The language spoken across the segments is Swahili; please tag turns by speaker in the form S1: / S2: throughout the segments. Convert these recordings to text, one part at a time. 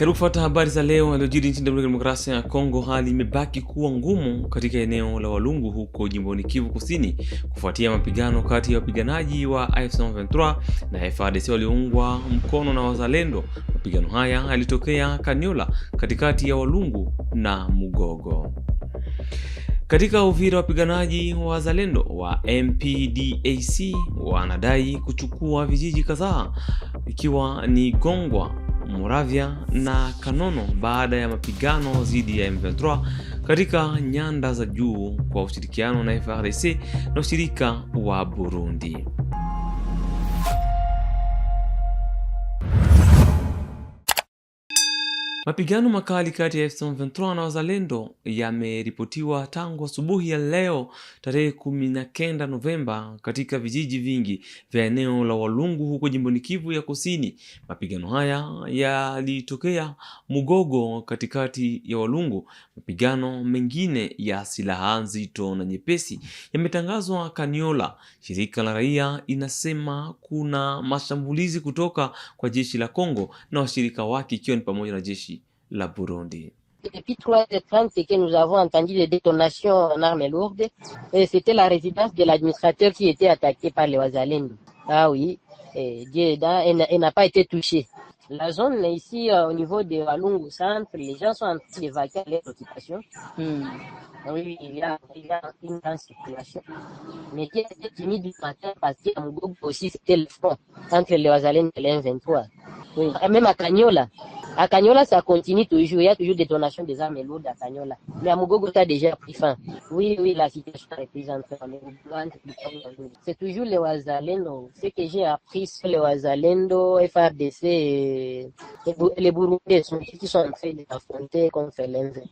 S1: Karibu kufuata habari za leo yaliyojiri nchini Jamhuri ya kidemokrasia ya Kongo. Hali imebaki kuwa ngumu katika eneo la Walungu huko jimboni Kivu Kusini kufuatia mapigano kati ya wapiganaji wa f 23 na frdc walioungwa mkono na wazalendo. Mapigano haya yalitokea Kaniola katikati ya Walungu na Mugogo. Katika Uvira, wapiganaji wa wazalendo wa MPDAC wanadai kuchukua vijiji kadhaa ikiwa ni Gongwa Moravia na Kanono baada ya mapigano dhidi ya M23 katika nyanda za juu kwa ushirikiano na FARDC na ushirika wa Burundi. Mapigano makali kati ya M23 na wazalendo yameripotiwa tangu asubuhi ya leo tarehe kumi na kenda Novemba katika vijiji vingi vya eneo la Walungu huko jimboni Kivu ya Kusini. Mapigano haya yalitokea Mugogo katikati ya Walungu. Mapigano mengine ya silaha nzito na nyepesi yametangazwa Kaniola. Shirika la raia inasema kuna mashambulizi kutoka kwa jeshi la Kongo na washirika wake ikiwa ni pamoja na jeshi la Burundi.
S2: Depuis 3h30, c'est que nous avons entendu des détonations en armes lourdes. Euh, c'était la résidence de l'administrateur qui était attaquée par les Wazalendo. Ah oui, et elle n'a pas été touchée. La zone ici, euh, au niveau de Walungu Centre, les gens sont en train d'évacuer les occupations. Hmm. Ah oui, il y, a, une grande circulation. Mais Dieu était timide du matin parce un groupe aussi, c'était le front entre les Wazalendo et les 23 Oui. Même à Cagnola, à Cagnola, ça continue toujours. Il y a toujours des donations des armes lourdes à Cagnola. Mais à Mugogo, ça a déjà pris fin. Oui, oui, la situation est plus en train C'est toujours les Wazalendo. Ce que j'ai appris sur les Wazalendo, FRDC et les Burundais sont, qui sont en train d'affronter contre l'Inde.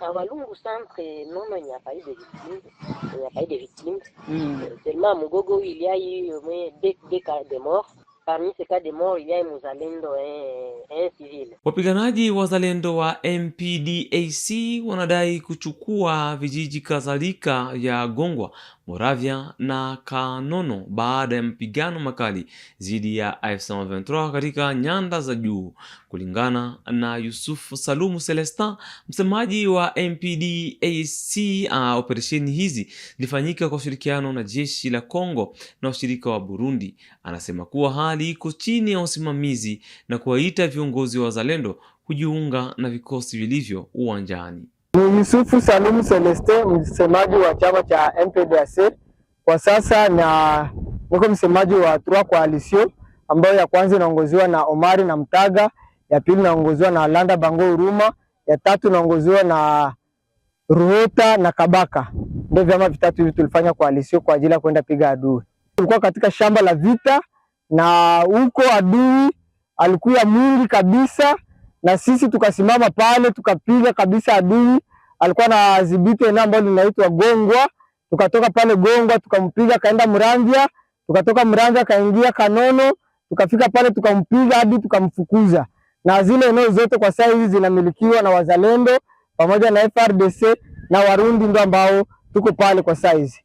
S2: À Walungu Centre, non, non, il n'y a pas eu de victimes. Il n'y a pas eu de victimes. Hmm. Euh, seulement à Mugogo, il y a eu au moins deux, cas de morts. Hamisi Kademo ijaye mzalendo eh, eh, civil.
S1: Wapiganaji wazalendo wa MPDAC wanadai kuchukua vijiji kadhalika ya Gongwa, Moravia na Kanono baada ya mapigano makali dhidi ya M23 katika nyanda za juu. Kulingana na Yusufu Salumu Celestin, msemaji wa MPDAC, uh, ah, operesheni hizi zilifanyika kwa ushirikiano na jeshi la Kongo na washirika wa Burundi. Anasema kuwa hali serikali iko chini ya usimamizi na kuwaita viongozi wa wazalendo kujiunga na vikosi vilivyo uwanjani.
S3: Ni Yusufu Salumu Celeste, msemaji wa chama cha MPDC kwa sasa, na niko msemaji wa Trois Coalition ambayo ya kwanza inaongoziwa na Omari na Mtaga, ya pili inaongoziwa na Landa Bango Uruma, ya tatu inaongoziwa na Ruhota na Kabaka. Ndio vyama vitatu hivi tulifanya kwa ajili ya kwenda piga adui. Tulikuwa katika shamba la vita na huko adui alikuwa mwingi kabisa, na sisi tukasimama pale tukapiga kabisa. Adui alikuwa na dhibiti eneo ambalo linaitwa Gongwa, tukatoka pale Gongwa tukampiga, kaenda Mrandia, tukatoka Mrandia kaingia Kanono, tukafika pale tukampiga hadi tukamfukuza. Na zile eneo zote kwa sasa hizi zinamilikiwa na wazalendo pamoja na FRDC na Warundi, ndio ambao tuko pale kwa sasa hizi.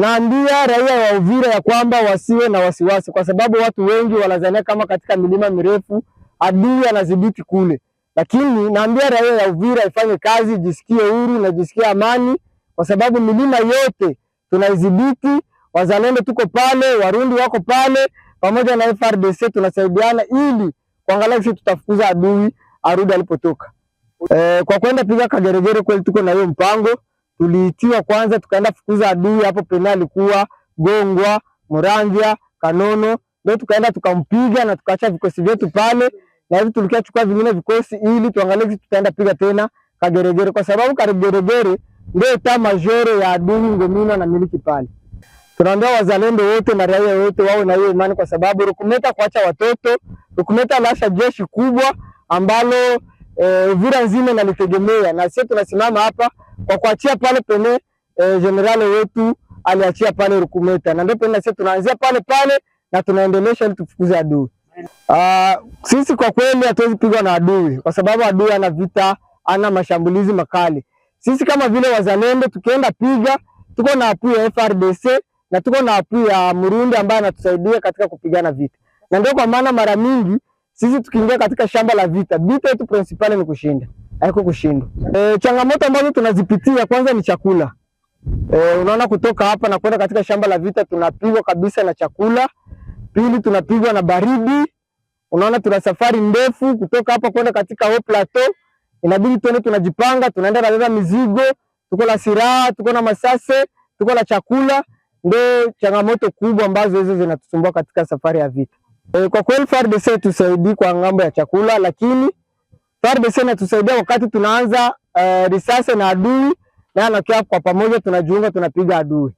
S3: Naambia raia wa Uvira ya kwamba wasiwe na wasiwasi, kwa sababu watu wengi wanazania kama katika milima mirefu adui anadhibiti kule, lakini naambia raia ya Uvira ifanye kazi, jisikie huru na jisikie amani, kwa sababu milima yote tunaidhibiti. Wazalendo tuko pale, Warundi wako pale, pamoja na FRDC tunasaidiana ili kuangalia sisi tutafukuza adui arudi alipotoka. E, kwa kwenda piga kageregere kweli tuko na hiyo mpango tuliitiwa kwanza, tukaenda fukuza adui hapo penali alikuwa Gongwa, Muramvya, Kanono, ndio tukaenda tukampiga na tukaacha vikosi vyetu pale, na hivi tulikuwa chukua vingine vikosi ili tuangalie kitu tutaenda piga tena Kageregere, kwa sababu Kageregere ndio ta majore ya adui Ngomino na miliki pale. Tunaambia wazalendo wote na raia wote wao na hiyo imani, kwa sababu Rukumeta kuacha watoto, Rukumeta lasha jeshi kubwa ambalo Uvira eh, e, nzima nalitegemea, na sisi tunasimama hapa kwa kuachia pale pene eh, generale wetu aliachia pale Rukumeta, na ndio pende sisi tunaanzia pale pale na tunaendelesha ili tufukuze adui. Uh, sisi kwa kweli hatuwezi pigwa na adui kwa sababu adui ana vita, ana mashambulizi makali. Sisi kama vile wazalendo tukienda piga, tuko na apu ya FRDC na tuko na apu ya Murundi ambaye anatusaidia katika kupigana vita, na ndio kwa maana mara mingi sisi tukiingia katika shamba la vita, vita yetu principale ni kushinda haiko kushindwa. E, eh, changamoto ambazo tunazipitia kwanza ni chakula. E, unaona kutoka hapa na kwenda katika shamba la vita tunapigwa kabisa na chakula. Pili tunapigwa na baridi. Unaona tuna safari ndefu kutoka hapa kwenda katika haut plateau. Inabidi tuende tunajipanga, tunaenda na mizigo, tuko na silaha, tuko na masase, tuko na chakula. Ndio changamoto kubwa ambazo hizo zinatusumbua katika safari ya vita. E, kwa kweli FARDC tusaidii kwa ngambo ya chakula lakini FARDC inatusaidia wakati tunaanza uh, risasi na adui na anakia kwa pamoja, tunajiunga tunapiga adui,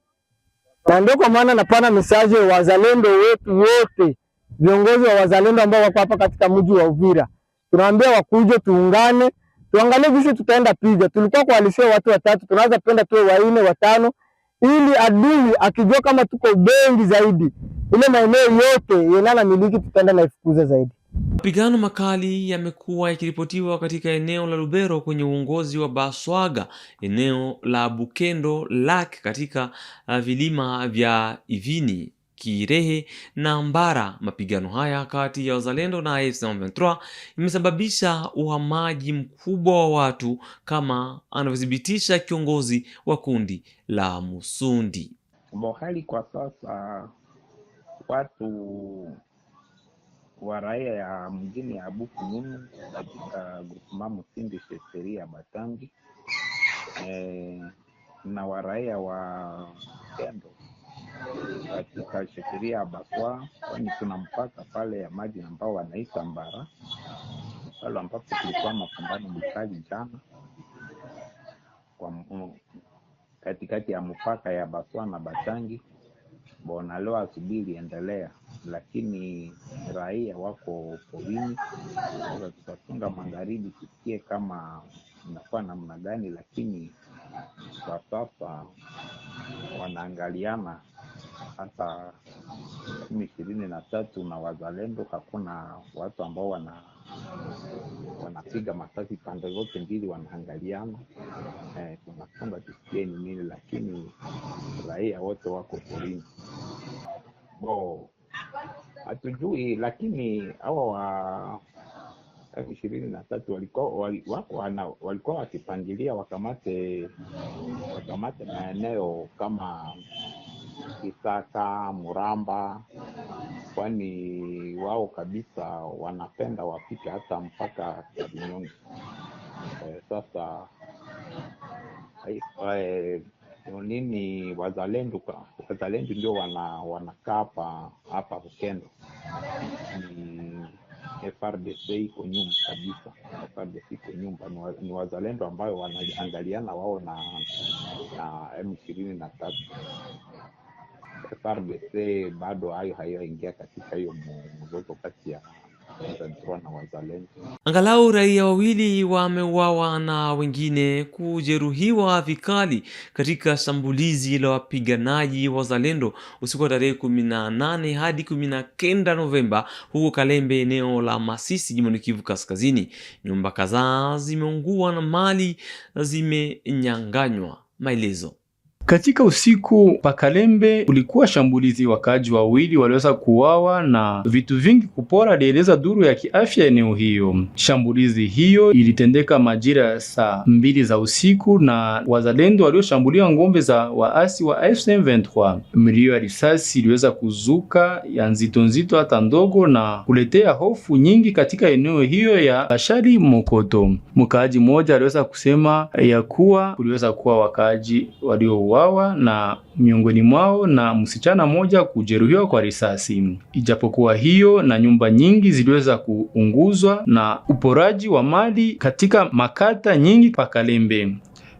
S3: na ndio kwa maana napana message wa wazalendo wetu wote, viongozi wa wazalendo ambao wako hapa katika mji wa Uvira, tunaambia wakuje, tuungane, tuangalie jinsi tutaenda piga. Tulikuwa kwa alisio watu watatu, tunaanza penda tuwe wanne watano, ili adui akijua kama tuko bengi zaidi, ile maeneo yote yenana miliki tutaenda na naifukuza zaidi.
S1: Mapigano makali yamekuwa yakiripotiwa katika eneo la Lubero kwenye uongozi wa Baswaga, eneo la Bukendo lake katika uh, vilima vya Ivini, Kirehe na Mbara. Mapigano haya kati ya wazalendo na AFC M23 imesababisha uhamaji mkubwa wa watu kama anavyothibitisha kiongozi wa kundi la Musundi.
S4: Mohali kwa sasa watu wa raia ya mjini ya Bukununu katika groupement msindi sheseri ya Batangi e, eh, na wa raia wa Kendo katika shekeria ya Bakwa, kwani kuna mpaka pale ya maji ambao wanaita Mbara, pale ambapo kulikuwa mapambano makali jana kwa katikati ya mpaka ya Bakwa na Batangi. Bona leo asubuhi iliendelea lakini raia wako porini. Sasa tutafunga magharibi, tusikie kama inakuwa namna gani, lakini kwa sasa wanaangaliana hata kumi ishirini na tatu na wazalendo, hakuna watu ambao wana wanapiga masasi pande zote mbili, wanaangaliana eh, tunafunga tusikie ni nini, lakini raia wote wako porini bo hatujui, lakini hawa wa ishirini na tatu walikuwa wakipangilia wakamate wakamate maeneo kama Kisaka, Muramba, kwani wao kabisa wanapenda wafike hata mpaka Kabinyongi. E, sasa e, nini wazalendo wazalendo ndio wana wanakaa hapa hapa Bukendo. FRDC iko nyuma kabisa. FRDC iko nyuma, ni wazalendo ambayo wanaangaliana wao na na M23. FRDC bado hayo hayaingia katika hiyo mzozo kati ya
S1: Angalau raia wawili wameuawa na wengine kujeruhiwa vikali katika shambulizi la wapiganaji wazalendo usiku wa tarehe kumi na nane hadi kumi na kenda Novemba huko Kalembe, eneo la Masisi, jimboni Kivu Kaskazini. Nyumba kadhaa zimeungua na mali zimenyanganywa. Maelezo katika usiku pakalembe ulikuwa shambulizi, wakaaji wawili waliweza kuuawa na vitu vingi kupora, alieleza duru ya kiafya eneo hiyo. Shambulizi hiyo ilitendeka majira saa mbili za usiku na wazalendo walioshambulia ngombe za waasi wa M23. Milio ya risasi iliweza kuzuka ya nzito nzito hata ndogo na kuletea hofu nyingi katika eneo hiyo ya Bashari Mokoto. Mkaaji mmoja aliweza kusema ya kuwa kuliweza kuwa wakaaji walio kuuawa na miongoni mwao na msichana mmoja kujeruhiwa kwa risasi. Ijapokuwa hiyo, na nyumba nyingi ziliweza kuunguzwa na uporaji wa mali katika makata nyingi pa Kalembe.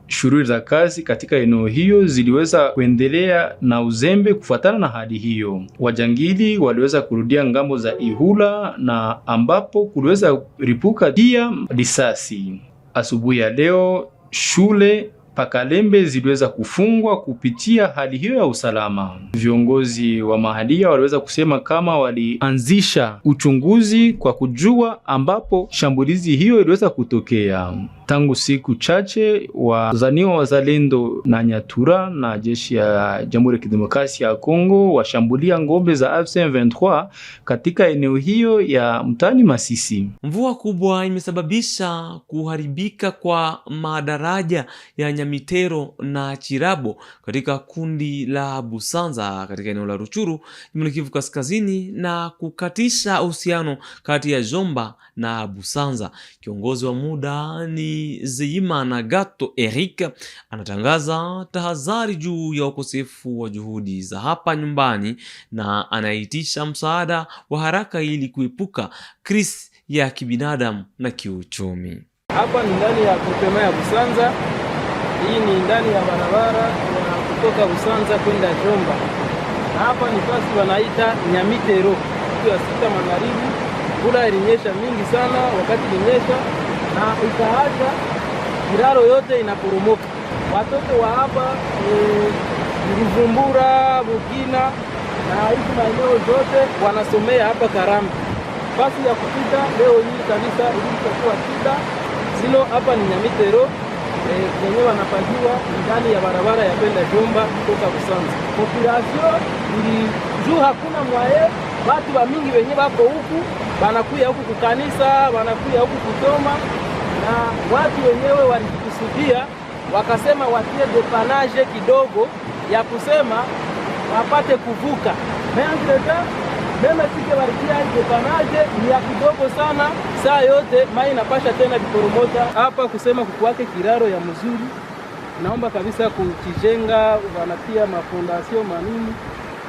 S1: Shughuli za kazi katika eneo hiyo ziliweza kuendelea na uzembe. Kufuatana na hali hiyo, wajangili waliweza kurudia ngambo za Ihula na ambapo kuliweza ripuka pia risasi. Asubuhi ya leo shule Pakalembe ziliweza kufungwa kupitia hali hiyo ya usalama. Viongozi wa mahalia waliweza kusema kama walianzisha uchunguzi kwa kujua ambapo shambulizi hiyo iliweza kutokea. Tangu siku chache wazaniwa wazalendo na Nyatura na jeshi ya Jamhuri ya Kidemokrasia ya Kongo washambulia ngombe za AFC M23 katika eneo hiyo ya mtani Masisi. Mvua kubwa imesababisha kuharibika kwa madaraja ya Nyamitero na Chirabo katika kundi la Busanza katika eneo la Ruchuru, Jimbo Kivu Kaskazini, na kukatisha uhusiano kati ya Jomba na Busanza. Kiongozi wa muda ni zeimanagato Gato Eric anatangaza tahadhari juu ya ukosefu wa juhudi za hapa nyumbani na anaitisha msaada wa haraka ili kuepuka kris ya kibinadamu na kiuchumi.
S5: Hapa ni ndani ya ya Busanza, hii ni ndani ya barabara ya kutoka Busanza kwenda Jomba, na hapa ni pasi wanaita Nyamitero ya sita magharibi. Kula ilinyesha mingi sana, wakati ilinyesha na ikaacha miraro yote inaporomoka. Watoto wa hapa e, Bujumbura, Bukina na hizi maeneo zote wanasomea hapa Karambi. Basi ya kupita leo hii kabisa ilitakuwa shida silo. Hapa ni Nyamitero wenyewe e, wanapajiwa ndani ya barabara ya kwenda Jomba kutoka Busanza. Populasio ili juu hakuna mwaye, watu wa mingi wenye bako huku wanakuya huku kukanisa, wanakuya huku kusoma na watu wenyewe walikusudia wakasema watie depanaje kidogo ya kusema wapate kuvuka meangreta meme sike walitia depanaje ni ya kidogo sana, saa yote mai inapasha tena viporomota hapa. Kusema kukuwake kiraro ya mzuri, naomba kabisa kukijenga, wanatia mafondasio manini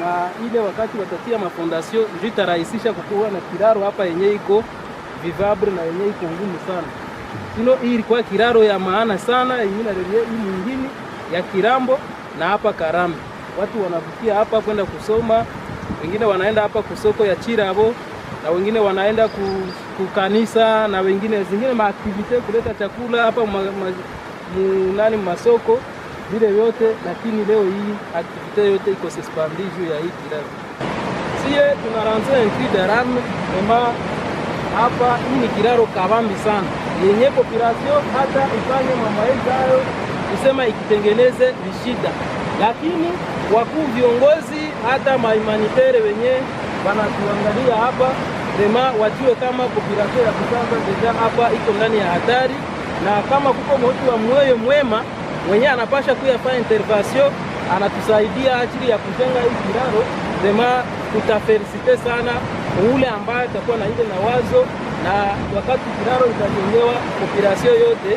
S5: na ile wakati watatia mafondasio ndio itarahisisha kukuwa na kiraro hapa yenye iko vivabre na yenye iko ngumu sana. Ino hii ilikuwa kiraro ya maana sana, hii nyingine ya Kirambo na hapa Karambi. Watu wanavukia hapa kwenda kusoma, wengine wanaenda hapa kusoko ya Chirabo na wengine wanaenda ku, kukanisa na wengine zingine maaktivite kuleta chakula hapa ma, ma, nani masoko vile vyote, lakini leo hii aktivite yote iko suspendie juu ya hii kiraro. Sie tunaranze un cri rame ema hapa, hii ni kiraro kabambi sana yenye population hata ifanye mambo hayo kusema ikitengeneze vishida, lakini wakuu viongozi hata mahumanitere wenye wanatuangalia hapa sema wajue kama population ya kusasa deja hapa iko ndani ya hatari, na kama kuko mtu wa moyo mwema mwenye anapasha kuyafanya intervention anatusaidia ajili ya kujenga hii kiraro sema tutafelisite sana ule ambaye atakuwa na ile na wazo na wakati kiraro itajengewa, population yote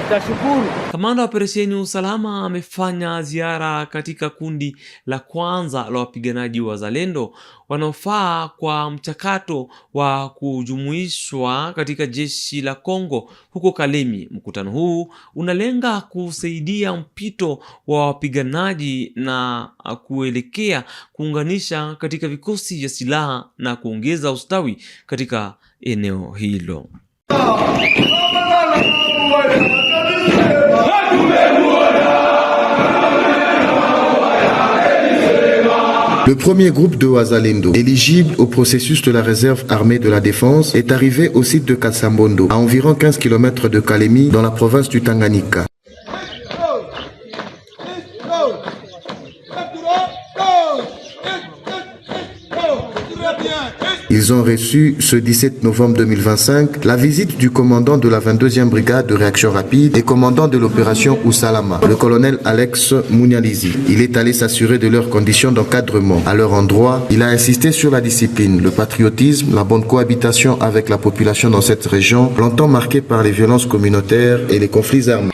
S5: Utashukuru.
S1: Kamanda wa operesheni usalama amefanya ziara katika kundi la kwanza la wapiganaji wa zalendo wanaofaa kwa mchakato wa kujumuishwa katika jeshi la Kongo huko Kalemi. Mkutano huu unalenga kusaidia mpito wa wapiganaji na kuelekea kuunganisha katika vikosi vya silaha na kuongeza ustawi katika eneo hilo.
S6: Le premier groupe de Ouazalendo, éligible au processus de la réserve armée de la défense, est arrivé au site de Katsambondo, à environ 15 km de Kalemi, dans la province du Tanganyika. Ils ont reçu ce 17 novembre 2025 la visite du commandant de la 22e brigade de réaction rapide et commandant de l'opération Ousalama, le colonel Alex Mounializi. Il est allé s'assurer de leurs conditions d'encadrement. À leur endroit, il a insisté sur la discipline, le patriotisme, la bonne cohabitation avec la population dans cette région, longtemps marquée par les violences communautaires et les conflits armés.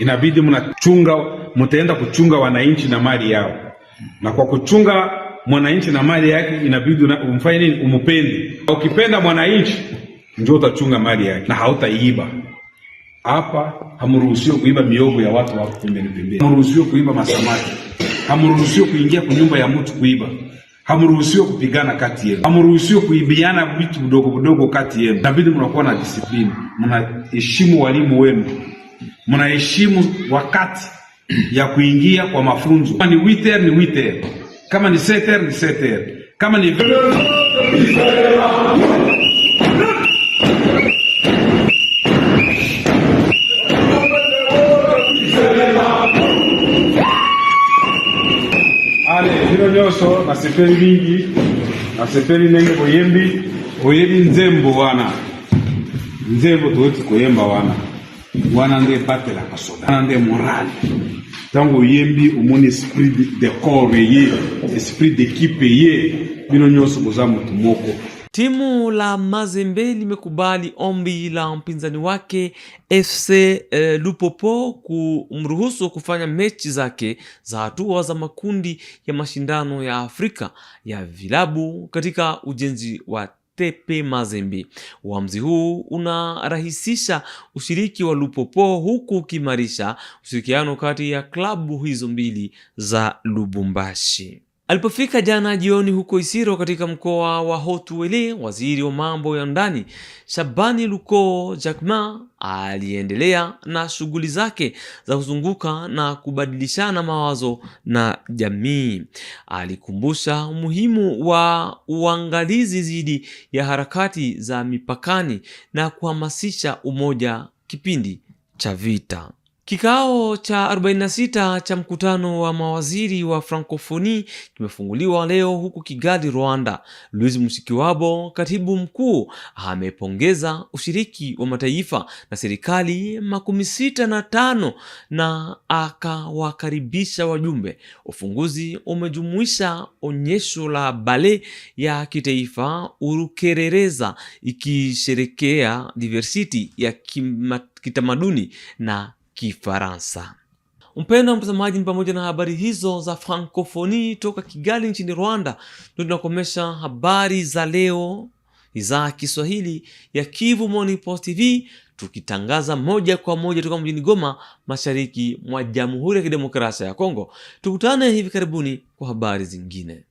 S7: mwananchi na mali yake inabidi umfanye nini? Umupende. Ukipenda mwananchi ndio utachunga mali yake na hautaiiba. Hapa hamruhusiwi kuiba miogo ya watu wako pembeni pembeni, hamruhusiwi kuiba masamaki, hamruhusiwi kuingia kwa nyumba ya mtu kuiba, hamruhusiwi kupigana kati yenu, hamruhusiwi kuibiana vitu vidogo vidogo kati yenu. Inabidi mnakuwa na disiplini, mnaheshimu walimu wenu, mnaheshimu wakati ya kuingia kwa mafunzo. Ni witer ni witer kama ni seter ni seter, kama ni ale hilo nyoso nasepeli mingi nasepeli nenge buyembi buyembi nzembo wana nzembo tuweti kuyemba wana wana nde batelaka soda wana nde morali ntango oyembi omoni esprit de corps ye esprit d'ekipe ye bino nyonso boza motu moko
S1: Timu la Mazembe limekubali ombi la mpinzani wake FC eh, Lupopo kumruhusu kufanya mechi zake za hatua za makundi ya mashindano ya Afrika ya vilabu katika ujenzi wa Tepe Mazembe. Uamuzi huu unarahisisha ushiriki wa Lupopo huku ukiimarisha ushirikiano kati ya klabu hizo mbili za Lubumbashi. Alipofika jana jioni huko Isiro katika mkoa wa Haut-Uele, waziri wa mambo ya ndani Shabani Luko Jakma aliendelea na shughuli zake za kuzunguka na kubadilishana mawazo na jamii. Alikumbusha umuhimu wa uangalizi dhidi ya harakati za mipakani na kuhamasisha umoja kipindi cha vita. Kikao cha 46 cha mkutano wa mawaziri wa frankofoni kimefunguliwa leo huku Kigali, Rwanda. Louis Mushikiwabo, katibu mkuu, amepongeza ushiriki wa mataifa na serikali makumi sita na tano na akawakaribisha wajumbe. Ufunguzi umejumuisha onyesho la bale ya kitaifa Urukerereza ikisherekea diversity ya kitamaduni na Kifaransa. mpendo wa mtazamaji, ni pamoja na habari hizo za frankofoni toka Kigali nchini Rwanda, ndio tunakomesha habari za leo idhaa ya Kiswahili ya Kivu Morning Post TV, tukitangaza moja kwa moja toka mjini Goma, mashariki mwa Jamhuri ya Kidemokrasia ya Kongo. Tukutane hivi karibuni kwa habari zingine.